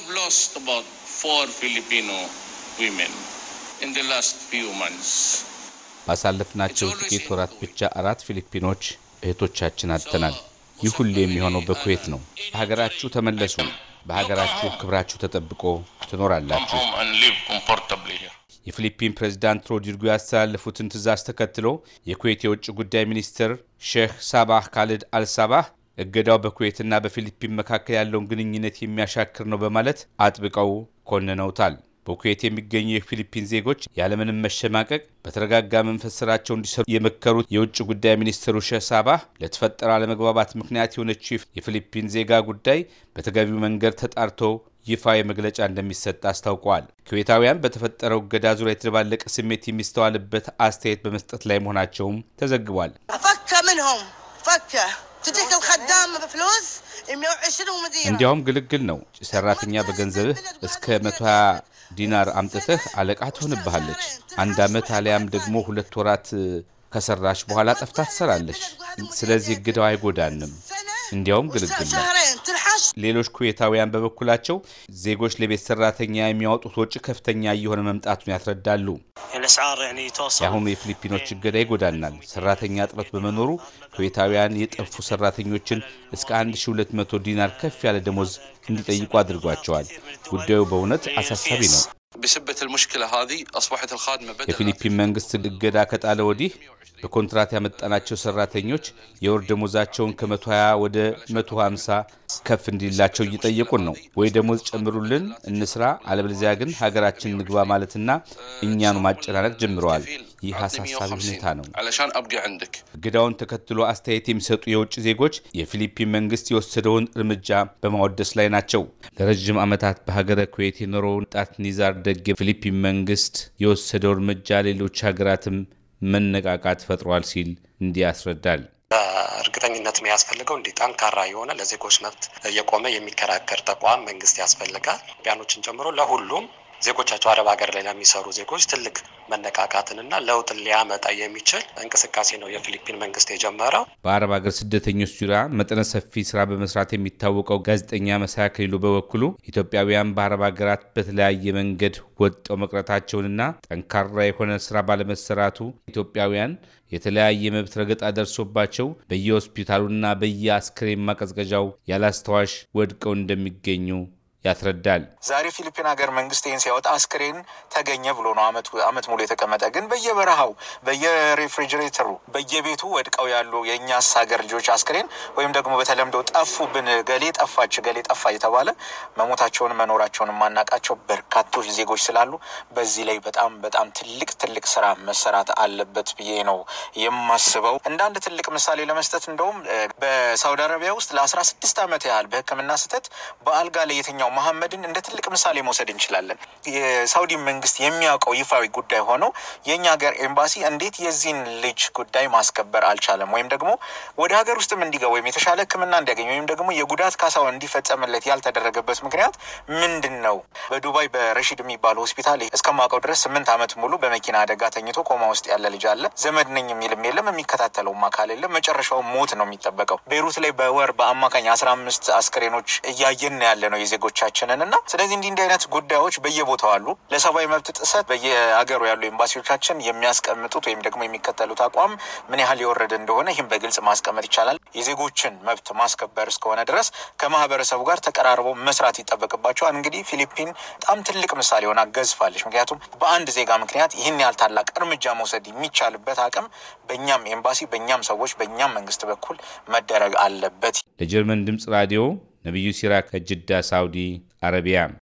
have lost about four Filipino women in the last few months. ባሳለፍናቸው ጥቂት ወራት ብቻ አራት ፊሊፒኖች እህቶቻችን አጥተናል። ይህ ሁሌ የሚሆነው በኩዌት ነው። በሀገራችሁ ተመለሱ። በሀገራችሁ ክብራችሁ ተጠብቆ ትኖራላችሁ። የፊሊፒን ፕሬዝዳንት ሮድሪጎ ያስተላለፉትን ትዕዛዝ ተከትሎ የኩዌት የውጭ ጉዳይ ሚኒስትር ሼህ ሳባህ ካልድ አልሳባህ እገዳው በኩዌትና በፊሊፒን መካከል ያለውን ግንኙነት የሚያሻክር ነው በማለት አጥብቀው ኮንነውታል። በኩዌት የሚገኙ የፊሊፒን ዜጎች ያለምንም መሸማቀቅ በተረጋጋ መንፈስ ስራቸው እንዲሰሩ የመከሩት የውጭ ጉዳይ ሚኒስትሩ ሸሳባ ለተፈጠረ አለመግባባት ምክንያት የሆነችው የፊሊፒን ዜጋ ጉዳይ በተገቢው መንገድ ተጣርቶ ይፋ የመግለጫ እንደሚሰጥ አስታውቋል። ኩዌታውያን በተፈጠረው እገዳ ዙሪያ የተደባለቀ ስሜት የሚስተዋልበት አስተያየት በመስጠት ላይ መሆናቸውም ተዘግቧል። ፈከ ምንሆም ፈከ እንዲያውም ግልግል ነው። ሰራተኛ በገንዘብህ እስከ መቶ ዲናር አምጥተህ አለቃ ትሆንብሃለች። አንድ ዓመት አሊያም ደግሞ ሁለት ወራት ከሰራች በኋላ ጠፍታ ትሰራለች። ስለዚህ እግዳው አይጎዳንም፣ እንዲያውም ግልግል ነው። ሌሎች ኩዌታውያን በበኩላቸው ዜጎች ለቤት ሰራተኛ የሚያወጡት ወጪ ከፍተኛ እየሆነ መምጣቱን ያስረዳሉ። የአሁኑ የፊሊፒኖች እገዳ ይጎዳናል። ሰራተኛ እጥረት በመኖሩ ኩዌታውያን የጠፉ ሰራተኞችን እስከ 1200 ዲናር ከፍ ያለ ደሞዝ እንዲጠይቁ አድርጓቸዋል። ጉዳዩ በእውነት አሳሳቢ ነው። የፊሊፒን መንግስት እገዳ ከጣለ ወዲህ በኮንትራት ያመጣናቸው ሰራተኞች የወር ደሞዛቸውን ከ120 ወደ 150 ከፍ እንዲላቸው እየጠየቁን ነው። ወይ ደሞዝ ጨምሩልን እንስራ፣ አለበለዚያ ግን ሀገራችን ንግባ ማለትና እኛኑ ማጨናነቅ ጀምረዋል። ይህ አሳሳቢ ሁኔታ ነው። እገዳውን ተከትሎ አስተያየት የሚሰጡ የውጭ ዜጎች የፊሊፒን መንግስት የወሰደውን እርምጃ በማወደስ ላይ ናቸው። ለረዥም ዓመታት በሀገረ ኩዌት የኖረውን ጣት ኒዛር እንዲታደግ የፊሊፒን መንግስት የወሰደው እርምጃ ሌሎች ሀገራትም መነቃቃት ፈጥሯል ሲል እንዲህ ያስረዳል። በእርግጠኝነት የሚያስፈልገው እንዲህ ጠንካራ የሆነ ለዜጎች መብት የቆመ የሚከራከር ተቋም መንግስት ያስፈልጋል። ኢትዮጵያኖችን ጨምሮ ለሁሉም ዜጎቻቸው አረብ ሀገር ላይ ለሚሰሩ ዜጎች ትልቅ መነቃቃትንና ለውጥን ሊያመጣ የሚችል እንቅስቃሴ ነው የፊሊፒን መንግስት የጀመረው። በአረብ ሀገር ስደተኞች ዙሪያ መጠነ ሰፊ ስራ በመስራት የሚታወቀው ጋዜጠኛ መሳያ ከሌሉ በበኩሉ ኢትዮጵያውያን በአረብ ሀገራት በተለያየ መንገድ ወጠው መቅረታቸውንና ጠንካራ የሆነ ስራ ባለመሰራቱ ኢትዮጵያውያን የተለያየ መብት ረገጣ ደርሶባቸው በየሆስፒታሉና በየአስክሬን ማቀዝቀዣው ያላስተዋሽ ወድቀው እንደሚገኙ ያስረዳል። ዛሬ ፊሊፒን ሀገር መንግስት ይህን ሲያወጣ አስክሬን ተገኘ ብሎ ነው አመት ሙሉ የተቀመጠ ግን በየበረሃው በየሬፍሪጅሬተሩ በየቤቱ ወድቀው ያሉ የእኛስ ሀገር ልጆች አስክሬን ወይም ደግሞ በተለምዶ ጠፉብን፣ ገሌ ጠፋች፣ ገሌ ጠፋ የተባለ መሞታቸውን መኖራቸውን የማናቃቸው በርካቶች ዜጎች ስላሉ በዚህ ላይ በጣም በጣም ትልቅ ትልቅ ስራ መሰራት አለበት ብዬ ነው የማስበው። እንደ አንድ ትልቅ ምሳሌ ለመስጠት እንደውም በሳውዲ አረቢያ ውስጥ ለአስራ ስድስት ዓመት ያህል በህክምና ስህተት በአልጋ ላይ የተኛው ጀግናው መሐመድን እንደ ትልቅ ምሳሌ መውሰድ እንችላለን። የሳውዲ መንግስት የሚያውቀው ይፋዊ ጉዳይ ሆኖ የእኛ ሀገር ኤምባሲ እንዴት የዚህን ልጅ ጉዳይ ማስከበር አልቻለም? ወይም ደግሞ ወደ ሀገር ውስጥም እንዲገባ ወይም የተሻለ ሕክምና እንዲያገኝ ወይም ደግሞ የጉዳት ካሳው እንዲፈጸምለት ያልተደረገበት ምክንያት ምንድን ነው? በዱባይ በረሺድ የሚባል ሆስፒታል እስከማውቀው ድረስ ስምንት ዓመት ሙሉ በመኪና አደጋ ተኝቶ ኮማ ውስጥ ያለ ልጅ አለ። ዘመድ ነኝ የሚልም የለም፣ የሚከታተለውም አካል የለም። መጨረሻው ሞት ነው የሚጠበቀው። ቤይሩት ላይ በወር በአማካኝ አስራ አምስት አስክሬኖች እያየን ያለ ነው የዜጎች ኤምባሲዎቻችንን እና ስለዚህ እንዲህ እንዲህ አይነት ጉዳዮች በየቦታው አሉ። ለሰብአዊ መብት ጥሰት በየአገሩ ያሉ ኤምባሲዎቻችን የሚያስቀምጡት ወይም ደግሞ የሚከተሉት አቋም ምን ያህል የወረደ እንደሆነ ይህም በግልጽ ማስቀመጥ ይቻላል። የዜጎችን መብት ማስከበር እስከሆነ ድረስ ከማህበረሰቡ ጋር ተቀራርቦ መስራት ይጠበቅባቸዋል። እንግዲህ ፊሊፒን በጣም ትልቅ ምሳሌ ሆና ገዝፋለች። ምክንያቱም በአንድ ዜጋ ምክንያት ይህን ያህል ታላቅ እርምጃ መውሰድ የሚቻልበት አቅም በእኛም ኤምባሲ፣ በእኛም ሰዎች፣ በእኛም መንግስት በኩል መደረግ አለበት። ለጀርመን ድምጽ ራዲዮ ነቢዩ ሲራክ ከጅዳ ሳውዲ አረቢያ